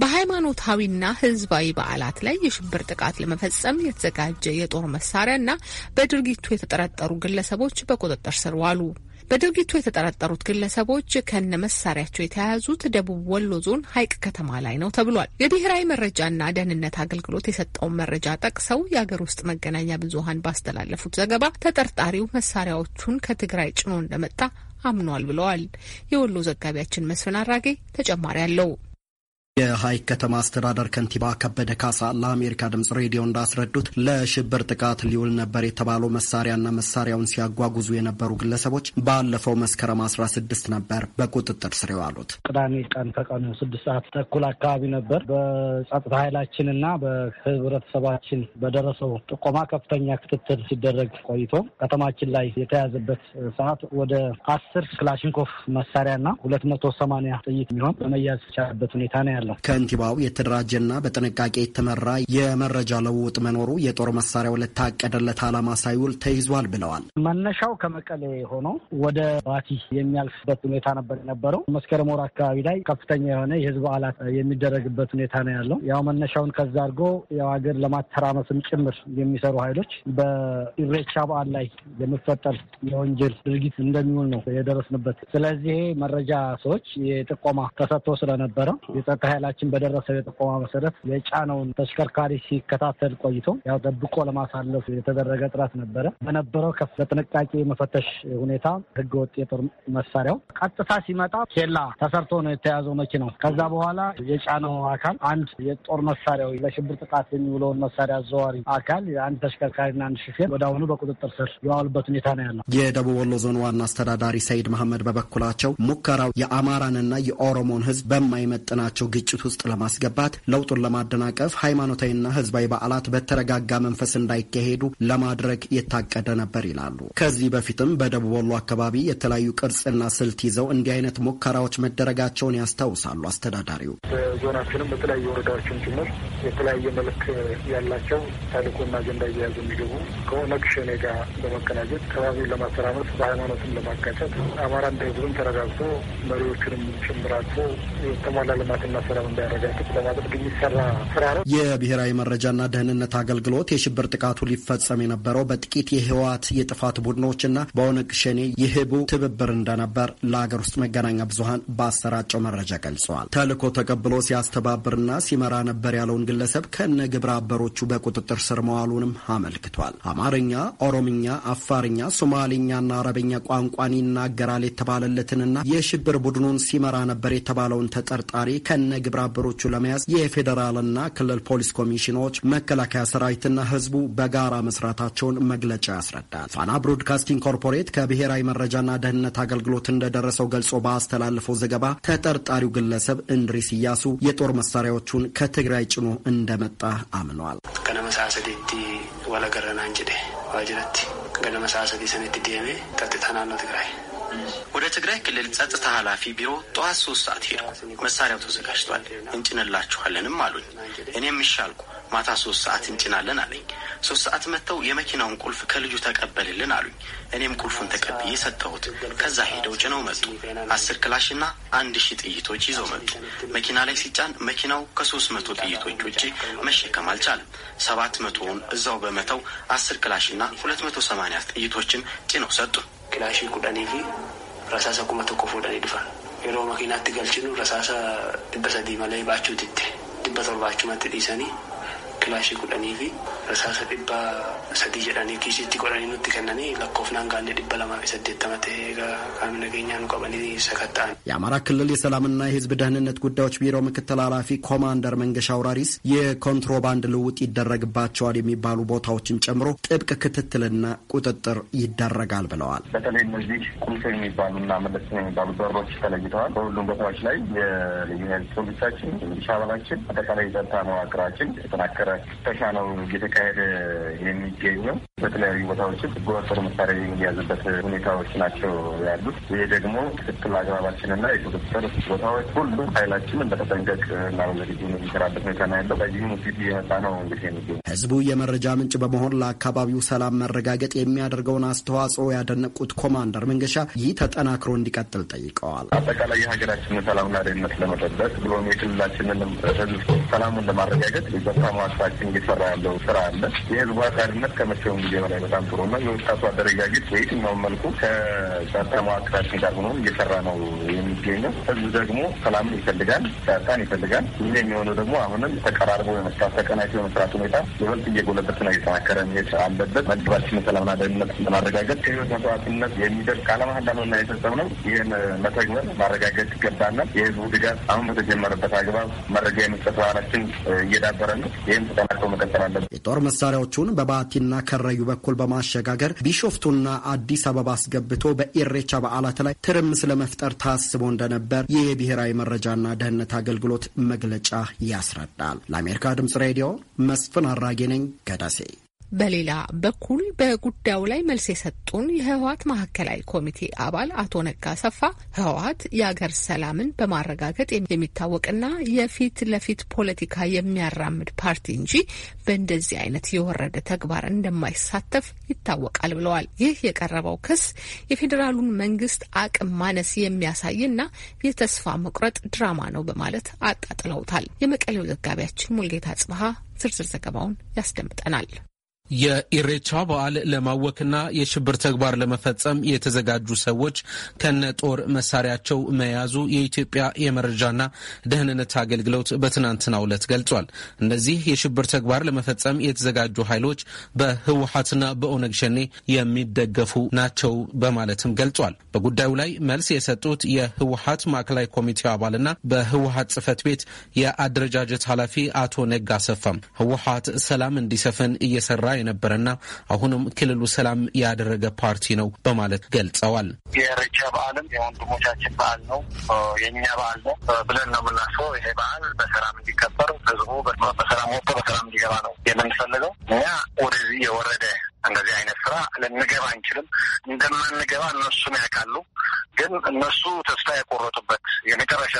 በሃይማኖታዊና ሕዝባዊ በዓላት ላይ የሽብር ጥቃት ለመፈጸም የተዘጋጀ የጦር መሳሪያና በድርጊቱ የተጠረጠሩ ግለሰቦች በቁጥጥር ስር ዋሉ። በድርጊቱ የተጠረጠሩት ግለሰቦች ከነ መሳሪያቸው የተያያዙት ደቡብ ወሎ ዞን ሀይቅ ከተማ ላይ ነው ተብሏል። የብሔራዊ መረጃና ደህንነት አገልግሎት የሰጠውን መረጃ ጠቅሰው የአገር ውስጥ መገናኛ ብዙኃን ባስተላለፉት ዘገባ ተጠርጣሪው መሳሪያዎቹን ከትግራይ ጭኖ እንደመጣ አምኗል ብለዋል። የወሎ ዘጋቢያችን መስፍን አራጌ ተጨማሪ አለው። የሐይቅ ከተማ አስተዳደር ከንቲባ ከበደ ካሳ ለአሜሪካ ድምጽ ሬዲዮ እንዳስረዱት ለሽብር ጥቃት ሊውል ነበር የተባለው መሳሪያና መሳሪያውን ሲያጓጉዙ የነበሩ ግለሰቦች ባለፈው መስከረም አስራ ስድስት ነበር በቁጥጥር ስር የዋሉት። ቅዳሜ ቀን ከቀኑ ስድስት ሰዓት ተኩል አካባቢ ነበር በጸጥታ ኃይላችንና በህብረተሰባችን በደረሰው ጥቆማ ከፍተኛ ክትትል ሲደረግ ቆይቶ ከተማችን ላይ የተያዘበት ሰዓት ወደ አስር ክላሽንኮፍ መሳሪያና ሁለት መቶ ሰማንያ ጥይት የሚሆን በመያዝ የቻለበት ሁኔታ ነው ያለ አላት። ከንቲባው የተደራጀና በጥንቃቄ የተመራ የመረጃ ለውጥ መኖሩ የጦር መሳሪያው ለታቀደለት ዓላማ ሳይውል ተይዟል ብለዋል። መነሻው ከመቀሌ ሆኖ ወደ ባቲ የሚያልፍበት ሁኔታ ነበር የነበረው። መስከረም ወር አካባቢ ላይ ከፍተኛ የሆነ የህዝብ በዓላት የሚደረግበት ሁኔታ ነው ያለው። ያው መነሻውን ከዛ አድርጎ ያው ሀገር ለማተራመስም ጭምር የሚሰሩ ኃይሎች በኢሬቻ በዓል ላይ የሚፈጠር የወንጀል ድርጊት እንደሚውል ነው የደረስንበት። ስለዚህ መረጃ ሰዎች የጥቆማ ተሰጥቶ ስለነበረ የጸጥታ ኃይላችን በደረሰው የጥቆማ መሰረት የጫነውን ተሽከርካሪ ሲከታተል ቆይቶ ያው ደብቆ ለማሳለፍ የተደረገ ጥረት ነበረ። በነበረው ከፍ በጥንቃቄ መፈተሽ ሁኔታ ህገወጥ የጦር መሳሪያው ቀጥታ ሲመጣ ኬላ ተሰርቶ ነው የተያዘው መኪናው። ከዛ በኋላ የጫነው አካል አንድ የጦር መሳሪያው ለሽብር ጥቃት የሚውለውን መሳሪያ አዘዋሪ አካል አንድ ተሽከርካሪና አንድ ሹፌር ወደ አሁኑ በቁጥጥር ስር የዋሉበት ሁኔታ ነው ያለው። የደቡብ ወሎ ዞን ዋና አስተዳዳሪ ሰይድ መሐመድ በበኩላቸው ሙከራው የአማራንና የኦሮሞን ህዝብ በማይመጥናቸው ግጭት ውስጥ ለማስገባት ለውጡን ለማደናቀፍ ሃይማኖታዊና ህዝባዊ በዓላት በተረጋጋ መንፈስ እንዳይካሄዱ ለማድረግ የታቀደ ነበር ይላሉ። ከዚህ በፊትም በደቡብ ወሎ አካባቢ የተለያዩ ቅርጽና ስልት ይዘው እንዲህ አይነት ሙከራዎች መደረጋቸውን ያስታውሳሉ አስተዳዳሪው። በዞናችንም በተለያዩ ወረዳዎችም ጭምር የተለያየ መልክ ያላቸው ታልኮና አጀንዳ እየያዙ የሚገቡ ከኦነግ ሸኔ ጋር በመቀናጀት ከባቢውን ለማሰራመት በሃይማኖትም ለማጋጨት አማራ እንደ ህዝብም ተረጋግቶ መሪዎችንም ጭምራቶ የተሟላ ልማትና ለማድረግ የሚሰራ ስራ ነው። የብሔራዊ መረጃና ደህንነት አገልግሎት የሽብር ጥቃቱ ሊፈጸም የነበረው በጥቂት የህወሓት የጥፋት ቡድኖችና በኦነግ ሸኔ የህቡ ትብብር እንደነበር ለሀገር ውስጥ መገናኛ ብዙኃን ባሰራጨው መረጃ ገልጸዋል። ተልዕኮ ተቀብሎ ሲያስተባብርና ሲመራ ነበር ያለውን ግለሰብ ከነ ግብረ አበሮቹ በቁጥጥር ስር መዋሉንም አመልክቷል። አማርኛ፣ ኦሮምኛ፣ አፋርኛ፣ ሶማሊኛና አረበኛ ቋንቋን ይናገራል የተባለለትንና የሽብር ቡድኑን ሲመራ ነበር የተባለውን ተጠርጣሪ ከነ ግብረ አበሮቹ ለመያዝ የፌዴራልና ክልል ፖሊስ ኮሚሽኖች፣ መከላከያ ሰራዊትና ህዝቡ በጋራ መስራታቸውን መግለጫ ያስረዳል። ፋና ብሮድካስቲንግ ኮርፖሬት ከብሔራዊ መረጃና ደህንነት አገልግሎት እንደደረሰው ገልጾ ባስተላለፈው ዘገባ ተጠርጣሪው ግለሰብ እንድሪስ እያሱ የጦር መሳሪያዎቹን ከትግራይ ጭኖ እንደመጣ አምኗል። ወደ ሰዓሰት የሰነድ ዲኤንኤ ጠጥተናል ነው ትግራይ ወደ ትግራይ ክልል ጸጥታ ኃላፊ ቢሮ ጠዋት ሶስት ሰዓት ሄድኩ። መሳሪያው ተዘጋጅቷል እንጭንላችኋለንም አሉኝ። እኔም እሺ አልኩ። ማታ ሶስት ሰዓት እንጭናለን አለኝ። ሶስት ሰዓት መጥተው የመኪናውን ቁልፍ ከልጁ ተቀበልልን አሉኝ። እኔም ቁልፉን ተቀብዬ ሰጠሁት። ከዛ ሄደው ጭነው መጡ። አስር ክላሽና አንድ ሺህ ጥይቶች ይዘው መጡ። መኪና ላይ ሲጫን መኪናው ከሶስት መቶ ጥይቶች ውጭ መሸከም አልቻለም። ሰባት መቶውን እዛው በመተው አስር ክላሽና ሁለት መቶ ሰማኒያ ጥይቶችን ጭነው ሰጡ። ክላሽ ቁዳኔ ረሳሰ ቁመተ ቆፎ ደኔ ድፋ የሮ መኪና ትገልችኑ ረሳሳ ድበሰዲ መላይ ባችሁ ትት ድበተርባችሁ መትዲሰኒ kilaashii kudhanii fi Rasaasa dhibba sadii jedhanii kiisitti godhanii nutti kennanii lakkoofnaan gaanne dhibba lamaa fi saddeettama ta'ee qaamni nageenyaa nu qabanii sakatta'an. የአማራ ክልል የሰላምና የህዝብ ደህንነት ጉዳዮች ቢሮ ምክትል ኃላፊ ኮማንደር መንገሻ አውራሪስ የኮንትሮባንድ ልውጥ ይደረግባቸዋል የሚባሉ ቦታዎችን ጨምሮ ጥብቅ ክትትልና ቁጥጥር ይደረጋል ብለዋል። በተለይ እነዚህ ቁልፍ የሚባሉና መለስ የሚባሉ በሮች ተለይተዋል። በሁሉም ቦታዎች ላይ የልዩ ኃይል ፖሊሳችን፣ ሚሊሻ አባላችን፣ አጠቃላይ የጸጥታ መዋቅራችን የተጠናከረ ፍተሻ ነው እየተካ እየተካሄደ የሚገኘው በተለያዩ ቦታዎችም ህገ ወጥ ጦር መሳሪያ የሚያዝበት ሁኔታዎች ናቸው ያሉት። ይህ ደግሞ ክትትል አግባባችንና የቁጥጥር ቦታዎች ሁሉ ኃይላችንን በተጠንቀቅ ናበዘጊዜ የሚሰራበት ሁኔታ ነው ያለው። በዚህም ውጤት እየመጣ ነው እንግዲህ የሚገኝ ህዝቡ የመረጃ ምንጭ በመሆን ለአካባቢው ሰላም መረጋገጥ የሚያደርገውን አስተዋጽኦ ያደነቁት ኮማንደር መንገሻ ይህ ተጠናክሮ እንዲቀጥል ጠይቀዋል። አጠቃላይ የሀገራችንን ሰላምና ደህንነት ለመጠበቅ ብሎም የክልላችንንም ሰላሙን ለማረጋገጥ በጣም ዋሳችን እየሰራ ያለው ስራ አለ። የህዝቡ አካልነት ከመቼውም ጊዜ በላይ በጣም ጥሩ ነው። የወጣቱ አደረጃጀት በየትኛውም መልኩ ከጸጥታ መዋቅራችን ጋር ሆኖ እየሰራ ነው የሚገኘው። ህዝብ ደግሞ ሰላም ይፈልጋል፣ ጸጥታን ይፈልጋል። ይህ የሚሆነው ደግሞ አሁንም ተቀራርቦ የመስራት ተቀናጅቶ የመስራት ሁኔታ ይበልጥ እየጎለበትና እየተናከረ መሄድ አለበት። መድባችን ሰላምና ደህንነት ለማረጋገጥ ከህይወት መስዋዕትነት የሚደርስ ቃለ የሰጠው ነው ይህን መተግበር ማረጋገጥ ይገባናል። የህዝቡ ድጋፍ አሁን በተጀመረበት አግባብ መረጃ የመስጠት ባህላችን እየዳበረ ነው። ይህም ተጠናክሮ መቀጠል አለበት። የጦር መሳሪያዎቹን በባቲና ከረዩ በኩል በማሸጋገር ቢሾፍቱና አዲስ አበባ አስገብቶ በኢሬቻ በዓላት ላይ ትርምስ ለመፍጠር ታስቦ እንደነበር ይህ የብሔራዊ መረጃና ደህንነት አገልግሎት መግለጫ ያስረዳል። ለአሜሪካ ድምጽ ሬዲዮ መስፍን አራጌ ነኝ ከደሴ። በሌላ በኩል በጉዳዩ ላይ መልስ የሰጡን የህወሀት ማዕከላዊ ኮሚቴ አባል አቶ ነጋ ሰፋ ህወሀት የአገር ሰላምን በማረጋገጥ የሚታወቅና የፊት ለፊት ፖለቲካ የሚያራምድ ፓርቲ እንጂ በእንደዚህ አይነት የወረደ ተግባር እንደማይሳተፍ ይታወቃል ብለዋል። ይህ የቀረበው ክስ የፌዴራሉን መንግስት አቅም ማነስ የሚያሳይና የተስፋ መቁረጥ ድራማ ነው በማለት አጣጥለውታል። የመቀሌው ዘጋቢያችን ሙልጌታ ጽብሀ ዝርዝር ዘገባውን ያስደምጠናል። የኢሬቻ በዓል ለማወክና የሽብር ተግባር ለመፈጸም የተዘጋጁ ሰዎች ከነ ጦር መሳሪያቸው መያዙ የኢትዮጵያ የመረጃና ደህንነት አገልግሎት በትናንትናው ዕለት ገልጿል። እነዚህ የሽብር ተግባር ለመፈጸም የተዘጋጁ ኃይሎች በህወሀትና በኦነግ ሸኔ የሚደገፉ ናቸው በማለትም ገልጿል። በጉዳዩ ላይ መልስ የሰጡት የህወሀት ማዕከላዊ ኮሚቴ አባልና በህወሀት ጽህፈት ቤት የአደረጃጀት ኃላፊ አቶ ነጋ አሰፋም ህወሀት ሰላም እንዲሰፍን እየሰራ የነበረና አሁንም ክልሉ ሰላም ያደረገ ፓርቲ ነው በማለት ገልጸዋል። የኢሬቻ በዓልም የወንድሞቻችን በዓል ነው፣ የእኛ በዓል ነው ብለን ነው የምናስበው። ይሄ በዓል በሰላም እንዲከበር ህዝቡ በሰላም ወጥቶ በሰላም እንዲገባ ነው የምንፈልገው። እኛ ወደዚህ የወረደ እንደዚህ አይነት ስራ ልንገባ አንችልም። እንደማንገባ እነሱም ያውቃሉ። ግን እነሱ ተስፋ የቆረጡበት የመጨረሻ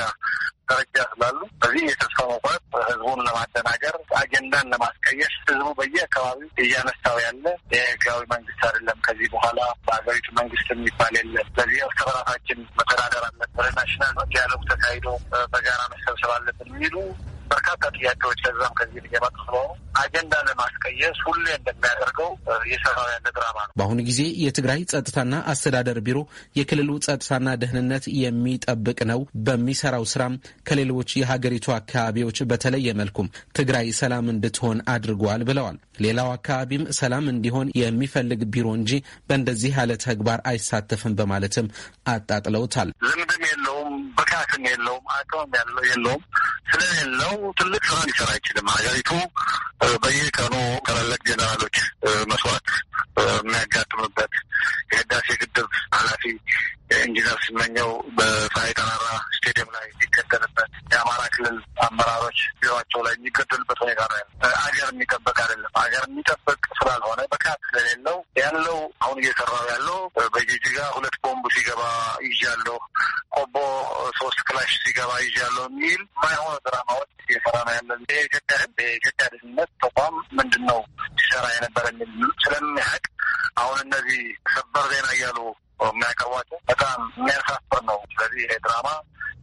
ደረጃ ስላሉ በዚህ የተስፋ መቁረጥ ህዝቡን ለማደናገር አጀንዳን ለማስቀየስ ህዝቡ በየአካባቢው እያነሳው ያለ የህጋዊ መንግስት አይደለም። ከዚህ በኋላ በሀገሪቱ መንግስት የሚባል የለም። ለዚህ እርስ በራሳችን መተዳደር አለብን፣ ናሽናል ዲያሎግ ተካሂዶ በጋራ መሰብሰብ አለብን የሚሉ በርካታ ጥያቄዎች ለዛም ከዚህ እየመጡ ስለሆኑ አጀንዳ ለማስቀየስ ሁሌ እንደሚያደርገው የሰራው ያለ ድራማ ነው። በአሁኑ ጊዜ የትግራይ ጸጥታና አስተዳደር ቢሮ የክልሉ ጸጥታና ደህንነት የሚጠብቅ ነው። በሚሰራው ስራም ከሌሎች የሀገሪቱ አካባቢዎች በተለየ መልኩም ትግራይ ሰላም እንድትሆን አድርጓል ብለዋል። ሌላው አካባቢም ሰላም እንዲሆን የሚፈልግ ቢሮ እንጂ በእንደዚህ ያለ ተግባር አይሳተፍም በማለትም አጣጥለውታል። ዝምድም የለውም፣ ብቃትም የለውም፣ አቅምም የለውም። ስለሌለው ትልቅ ስራ ሊሰራ አይችልም። ሀገሪቱ በየቀኑ ታላላቅ ጀነራሎች መስዋዕት የሚያጋጥምበት የህዳሴ ግድብ ኃላፊ ኢንጂነር ስመኘው በፀሐይ ጠራራ ስቴዲየም ላይ የሚገደልበት የአማራ ክልል አመራሮች ቢሮቸው ላይ የሚገደልበት ሁኔታ ነው ያለ። አገር የሚጠበቅ አይደለም። አገር የሚጠበቅ ስላልሆነ ብቃት ስለሌለው ያለው አሁን እየሰራው ያለው በጂጂጋ ሁለት ቦምቡ ሲገባ ይዣለሁ ጭራሽ ሲገባ ይዣለሁ የሚል ማይሆነ ድራማዎች እየሰራ ነው ያለን። የኢትዮጵያ ሕዝብ የኢትዮጵያ ደህንነት ተቋም ምንድን ነው ሲሰራ የነበረ የሚል ስለሚያውቅ አሁን እነዚህ ሰበር ዜና እያሉ የሚያቀርቧቸው በጣም የሚያሳፍር ነው። ስለዚህ ይሄ ድራማ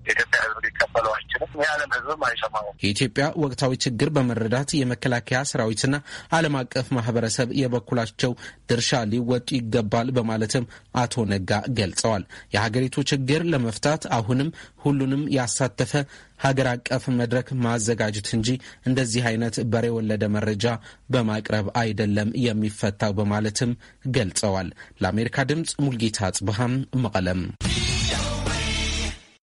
የኢትዮጵያ ሕዝብ ሊቀበለው አይችልም። የዓለም ሕዝብም አይሰማውም። የኢትዮጵያ ወቅታዊ ችግር በመረዳት የመከላከያ ሰራዊትና ዓለም አቀፍ ማህበረሰብ የበኩላቸው ድርሻ ሊወጡ ይገባል በማለትም አቶ ነጋ ገልጸዋል። የሀገሪቱ ችግር ለመፍታት አሁንም ሁሉንም ያሳተፈ ሀገር አቀፍ መድረክ ማዘጋጀት እንጂ እንደዚህ አይነት በሬ ወለደ መረጃ በማቅረብ አይደለም የሚፈታው በማለትም ገልጸዋል። ለአሜሪካ ድምፅ ሙልጌታ ጽብሃም መቀለም